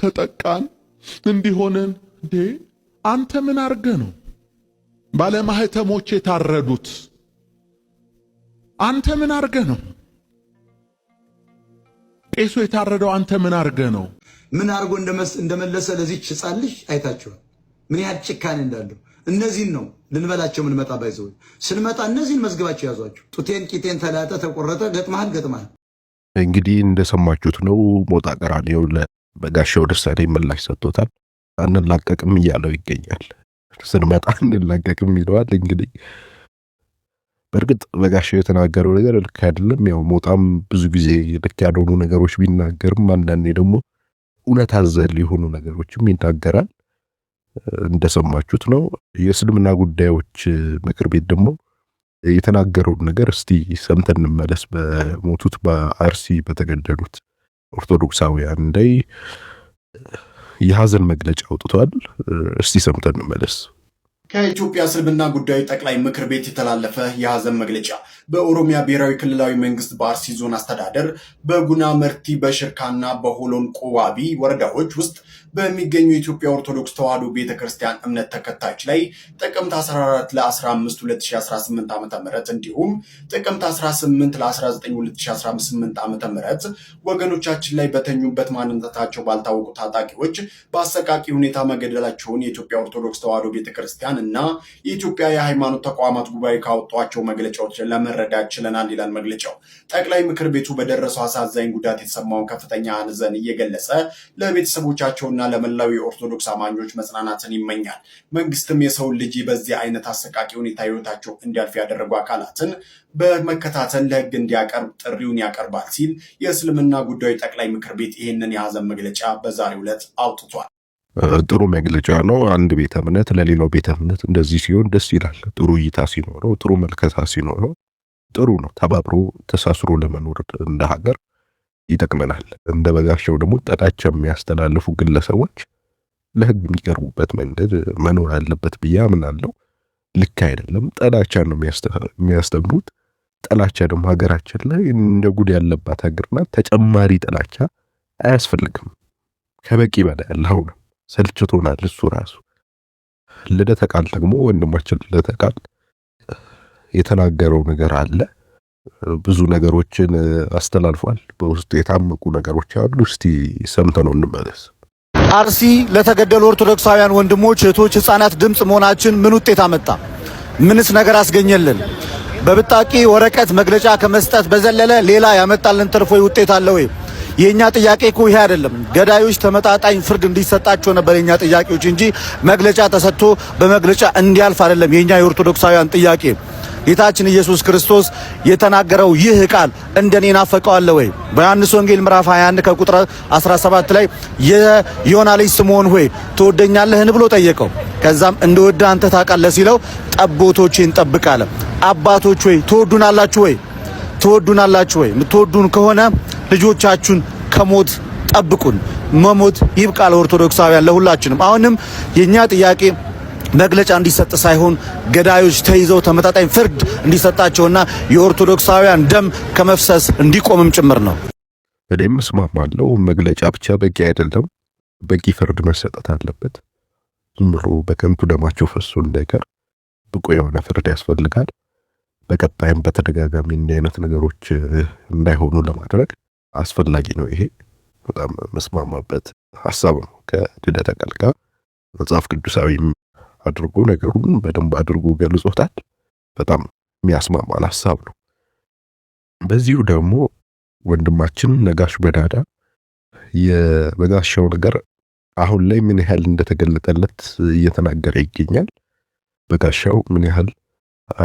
ተጠቃን እንዲሆንን እንዴ አንተ ምን አርገ ነው ባለማህተሞች የታረዱት? አንተ ምን አርገ ነው ቄሱ የታረደው? አንተ ምን አርገ ነው? ምን አርጎ እንደመለሰ ለዚች ህፃን ልጅ አይታችኋል፣ ምን ያህል ጭካኔ እንዳለው። እነዚህን ነው ልንበላቸው ምንመጣ ባይዘው ስንመጣ እነዚህን መዝግባቸው ያዟቸው። ጡቴን ቂጤን ተላጠ ተቆረጠ፣ ገጥመሃል ገጥመሃል። እንግዲህ እንደሰማችሁት ነው ሞጣ ቀራኔው በጋሻው ደሳሌ ምላሽ ሰጥቶታል። አንላቀቅም እያለው ይገኛል። ስንመጣ አንላቀቅም ይለዋል። እንግዲህ በእርግጥ በጋሻው የተናገረው ነገር ልክ አይደለም። ያው ሞጣም ብዙ ጊዜ ልክ ያልሆኑ ነገሮች ቢናገርም አንዳንዴ ደግሞ እውነት አዘል የሆኑ ነገሮችም ይናገራል። እንደሰማችሁት ነው። የእስልምና ጉዳዮች ምክር ቤት ደግሞ የተናገረውን ነገር እስቲ ሰምተን እንመለስ። በሞቱት በአርሲ በተገደሉት ኦርቶዶክሳውያን ላይ የሀዘን መግለጫ አውጥቷል። እስቲ ሰምተን እንመለስ። ከኢትዮጵያ እስልምና ጉዳዮች ጠቅላይ ምክር ቤት የተላለፈ የሀዘን መግለጫ በኦሮሚያ ብሔራዊ ክልላዊ መንግስት በአርሲ ዞን አስተዳደር በጉና መርቲ፣ በሽርካና በሆሎን ቆዋቢ ወረዳዎች ውስጥ በሚገኙ የኢትዮጵያ ኦርቶዶክስ ተዋሕዶ ቤተክርስቲያን እምነት ተከታዮች ላይ ጥቅምት 14 ለ15 2018 ዓ ም እንዲሁም ጥቅምት 18 ለ19 2018 ዓ ም ወገኖቻችን ላይ በተኙበት ማንነታቸው ባልታወቁ ታጣቂዎች በአሰቃቂ ሁኔታ መገደላቸውን የኢትዮጵያ ኦርቶዶክስ ተዋሕዶ ቤተክርስቲያን እና የኢትዮጵያ የሃይማኖት ተቋማት ጉባኤ ካወጧቸው መግለጫዎች ለመረዳት ችለናል ይላል መግለጫው። ጠቅላይ ምክር ቤቱ በደረሰው አሳዛኝ ጉዳት የተሰማውን ከፍተኛ ሐዘን እየገለጸ ለቤተሰቦቻቸውና ለህዝቡና ለመላው የኦርቶዶክስ አማኞች መጽናናትን ይመኛል። መንግስትም የሰውን ልጅ በዚህ አይነት አሰቃቂ ሁኔታ ህይወታቸው እንዲያልፍ ያደረጉ አካላትን በመከታተል ለህግ እንዲያቀርብ ጥሪውን ያቀርባል ሲል የእስልምና ጉዳዮች ጠቅላይ ምክር ቤት ይህንን የሀዘን መግለጫ በዛሬው ዕለት አውጥቷል። ጥሩ መግለጫ ነው። አንድ ቤተ እምነት ለሌላው ቤተ እምነት እንደዚህ ሲሆን ደስ ይላል። ጥሩ እይታ ሲኖረው፣ ጥሩ መልከታ ሲኖረው ጥሩ ነው። ተባብሮ ተሳስሮ ለመኖር እንደ ሀገር ይጠቅመናል። እንደ በጋሻው ደግሞ ጥላቻ የሚያስተላልፉ ግለሰቦች ለህግ የሚቀርቡበት መንገድ መኖር አለበት ብዬ አምናለሁ። ልክ አይደለም። ጥላቻ ነው የሚያስተምሩት። ጥላቻ ደግሞ ሀገራችን ላይ እንደ ጉድ ያለባት ሀገር ናት። ተጨማሪ ጥላቻ አያስፈልግም። ከበቂ በላይ ያለ አሁንም ሰልችቶናል እሱ ራሱ። ልደተ ቃል ደግሞ ወንድማችን ልደተ ቃል የተናገረው ነገር አለ ብዙ ነገሮችን አስተላልፏል። በውስጡ የታመቁ ነገሮች አሉ። እስቲ ሰምተ ነው እንመለስ። አርሲ ለተገደሉ ኦርቶዶክሳውያን ወንድሞች፣ እህቶች፣ ህፃናት ድምፅ መሆናችን ምን ውጤት አመጣ? ምንስ ነገር አስገኘልን? በብጣቂ ወረቀት መግለጫ ከመስጠት በዘለለ ሌላ ያመጣልን ትርፍ ውጤት አለ ወይ? የኛ ጥያቄ እኮ ይሄ አይደለም። ገዳዮች ተመጣጣኝ ፍርድ እንዲሰጣቸው ነበር የኛ ጥያቄዎች እንጂ መግለጫ ተሰጥቶ በመግለጫ እንዲያልፍ አይደለም የኛ የኦርቶዶክሳውያን ጥያቄ። ጌታችን ኢየሱስ ክርስቶስ የተናገረው ይህ ቃል እንደኔ ናፈቀዋለ ወይ? በዮሐንስ ወንጌል ምዕራፍ 21 ከቁጥር 17 ላይ የዮና ልጅ ስምዖን ሆይ ትወደኛለህን ብሎ ጠየቀው። ከዛም እንደወደ አንተ ታውቃለህ ሲለው ጠቦቶቼን ጠብቃለ። አባቶች ሆይ ትወዱናላችሁ ወይ? ትወዱናላችሁ ወይ? ምትወዱን ከሆነ ልጆቻችሁን ከሞት ጠብቁን። መሞት ይብቃል። ኦርቶዶክሳውያን ለሁላችንም አሁንም የኛ ጥያቄ መግለጫ እንዲሰጥ ሳይሆን ገዳዮች ተይዘው ተመጣጣኝ ፍርድ እንዲሰጣቸውና የኦርቶዶክሳውያን ደም ከመፍሰስ እንዲቆምም ጭምር ነው። እኔም እስማማለሁ። መግለጫ ብቻ በቂ አይደለም፣ በቂ ፍርድ መሰጠት አለበት። ዝም ብሎ በከንቱ ደማቸው ፈሶ እንዳይቀር ብቁ የሆነ ፍርድ ያስፈልጋል። በቀጣይም በተደጋጋሚ እንዲህ አይነት ነገሮች እንዳይሆኑ ለማድረግ አስፈላጊ ነው። ይሄ በጣም መስማማበት ሀሳብ ነው። ከልደተ ቃል መጽሐፍ ቅዱሳዊም አድርጎ ነገሩን በደንብ አድርጎ ገልጾታል። በጣም የሚያስማማን ሀሳብ ነው። በዚሁ ደግሞ ወንድማችን ነጋሽ በዳዳ የበጋሻው ነገር አሁን ላይ ምን ያህል እንደተገለጠለት እየተናገረ ይገኛል። በጋሻው ምን ያህል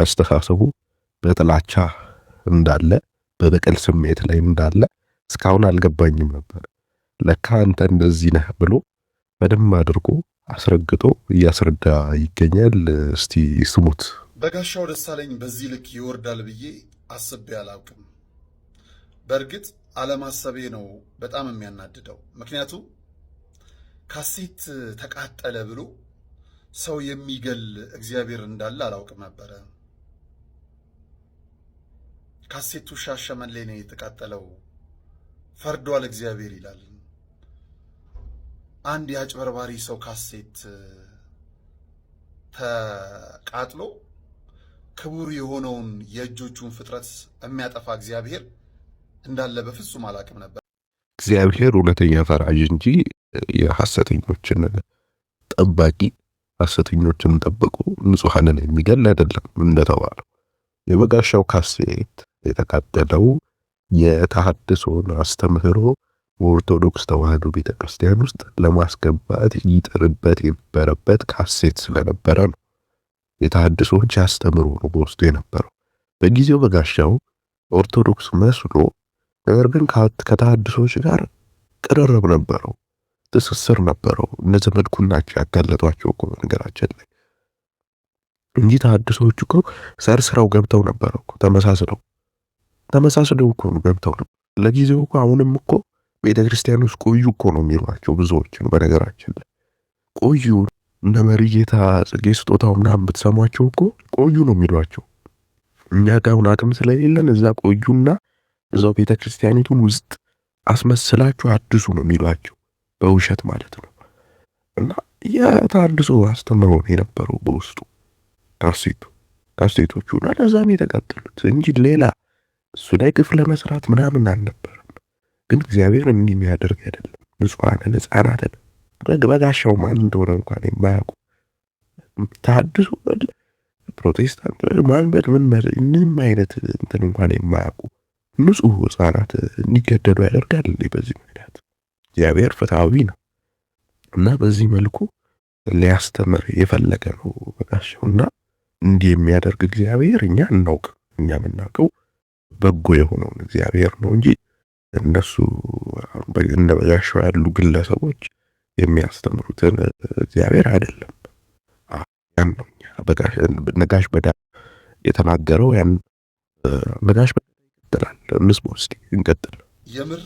አስተሳሰቡ በጥላቻ እንዳለ በበቀል ስሜት ላይ እንዳለ እስካሁን አልገባኝም ነበር። ለካ አንተ እንደዚህ ነህ ብሎ በደንብ አድርጎ አስረግጦ እያስረዳ ይገኛል። እስቲ ስሙት። በጋሻው ደሳለኝ በዚህ ልክ ይወርዳል ብዬ አስቤ አላውቅም። በእርግጥ አለማሰቤ ነው በጣም የሚያናድደው። ምክንያቱም ካሴት ተቃጠለ ብሎ ሰው የሚገል እግዚአብሔር እንዳለ አላውቅም ነበረ። ካሴቱ ሻሸመኔ ነው የተቃጠለው፣ ፈርዷል እግዚአብሔር ይላል። አንድ የአጭበርባሪ ሰው ካሴት ተቃጥሎ ክቡር የሆነውን የእጆቹን ፍጥረት የሚያጠፋ እግዚአብሔር እንዳለ በፍጹም አላቅም ነበር። እግዚአብሔር እውነተኛ ፈራጅ እንጂ የሐሰተኞችን ጠባቂ ሐሰተኞችን ጠብቁ ንጹሐንን የሚገል አይደለም እንደተባለው የበጋሻው ካሴት የተቃጠለው የተሐድሶን አስተምህሮ በኦርቶዶክስ ተዋህዶ ቤተ ክርስቲያን ውስጥ ለማስገባት ይጥርበት የነበረበት ካሴት ስለነበረ ነው። የተሐድሶዎች አስተምሮ ነው በውስጡ የነበረው። በጊዜው በጋሻው ኦርቶዶክስ መስሎ፣ ነገር ግን ከተሐድሶዎች ጋር ቅርርብ ነበረው፣ ትስስር ነበረው። እነ ዘመድኩን ናቸው ያጋለጧቸው እኮ በነገራችን ላይ እንጂ ተሐድሶዎች እኮ ሰርስረው ገብተው ነበረ። ተመሳስለው ተመሳስለው እኮ ገብተው ነበር። ለጊዜው እኮ አሁንም እኮ ቤተ ክርስቲያን ውስጥ ቆዩ እኮ ነው የሚሏቸው ብዙዎችን። በነገራችን ላይ ቆዩ እነ መሪጌታ ጽጌ ስጦታው ምናምን ብትሰሟቸው እኮ ቆዩ ነው የሚሏቸው። እኛ ጋር አሁን አቅም ስለሌለን እዛ ቆዩና እዛው ቤተ ክርስቲያኒቱን ውስጥ አስመስላችሁ አድሱ ነው የሚሏቸው በውሸት ማለት ነው። እና የታድሶ አስተምሮ ነው የነበረው በውስጡ ካሴቱ ካሴቶቹ እና ለዛም የተቀጠሉት እንጂ ሌላ እሱ ላይ ግፍ ለመስራት ምናምን አልነበር። ግን እግዚአብሔር እንዲህ የሚያደርግ አይደለም። ንጹሐንን ህጻናትን በጋሻው ማን እንደሆነ እንኳን የማያውቁ ታድሱ ፕሮቴስታንት ማን በል ምን ምንም አይነት እንትን እንኳን የማያውቁ ንጹህ ህጻናት እንዲገደሉ ያደርጋል። በዚህ ምክንያት እግዚአብሔር ፍትሐዊ ነው እና በዚህ መልኩ ሊያስተምር የፈለገ ነው በጋሻው እና እንዲህ የሚያደርግ እግዚአብሔር እኛ እናውቅ እኛ የምናውቀው በጎ የሆነውን እግዚአብሔር ነው እንጂ እነሱ እንደ ያሉ ግለሰቦች የሚያስተምሩትን እግዚአብሔር አይደለም። ያን ነጋሽ በዳ የተናገረው። ያን ነጋሽ በዳ ይቀጥላል። እንስማ እስኪ እንቀጥል። የምር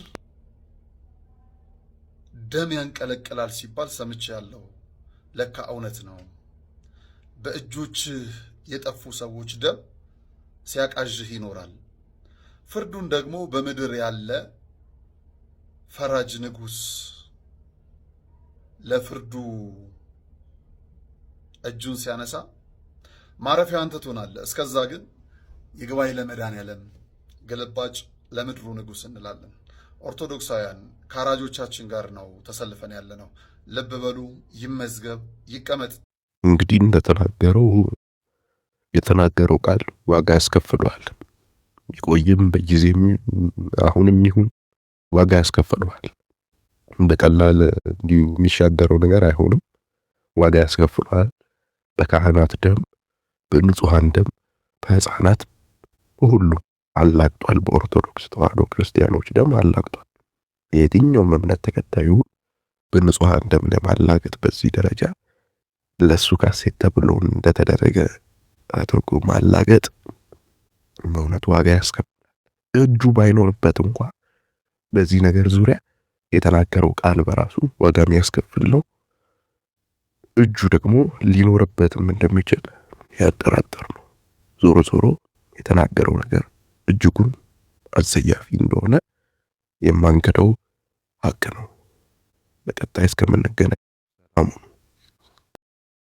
ደም ያንቀለቅላል ሲባል ሰምቼ ያለው ለካ እውነት ነው። በእጆች የጠፉ ሰዎች ደም ሲያቃዥህ ይኖራል። ፍርዱን ደግሞ በምድር ያለ ፈራጅ ንጉሥ ለፍርዱ እጁን ሲያነሳ ማረፊያ አንተ ትሆናለህ። እስከዛ ግን ይግባኝ ለመድኃኔዓለም ግልባጭ ለምድሩ ንጉሥ እንላለን። ኦርቶዶክሳውያን ከአራጆቻችን ጋር ነው ተሰልፈን ያለ ነው። ልብ በሉ። ይመዝገብ ይቀመጥ። እንግዲህ እንደተናገረው የተናገረው ቃል ዋጋ ያስከፍለዋል። ይቆይም በጊዜም አሁንም ይሁን ዋጋ ያስከፍለዋል። በቀላል እንዲሁ የሚሻገረው ነገር አይሆንም። ዋጋ ያስከፍለዋል። በካህናት ደም፣ በንጹሐን ደም፣ በህፃናት፣ ሁሉ አላግጧል። በኦርቶዶክስ ተዋህዶ ክርስቲያኖች ደም አላግጧል። የትኛውም እምነት ተከታዩ በንጹሐን ደም ለማላገጥ በዚህ ደረጃ ለሱ ካሴት ተብሎ እንደተደረገ አድርጎ ማላገጥ በእውነት ዋጋ ያስከፍላል። እጁ ባይኖርበት እንኳ በዚህ ነገር ዙሪያ የተናገረው ቃል በራሱ ዋጋ የሚያስከፍል ነው። እጁ ደግሞ ሊኖርበትም እንደሚችል ያጠራጠር ነው። ዞሮ ዞሮ የተናገረው ነገር እጅጉን አጸያፊ እንደሆነ የማንገደው ሀቅ ነው። በቀጣይ እስከምንገናኝ ሰላሙን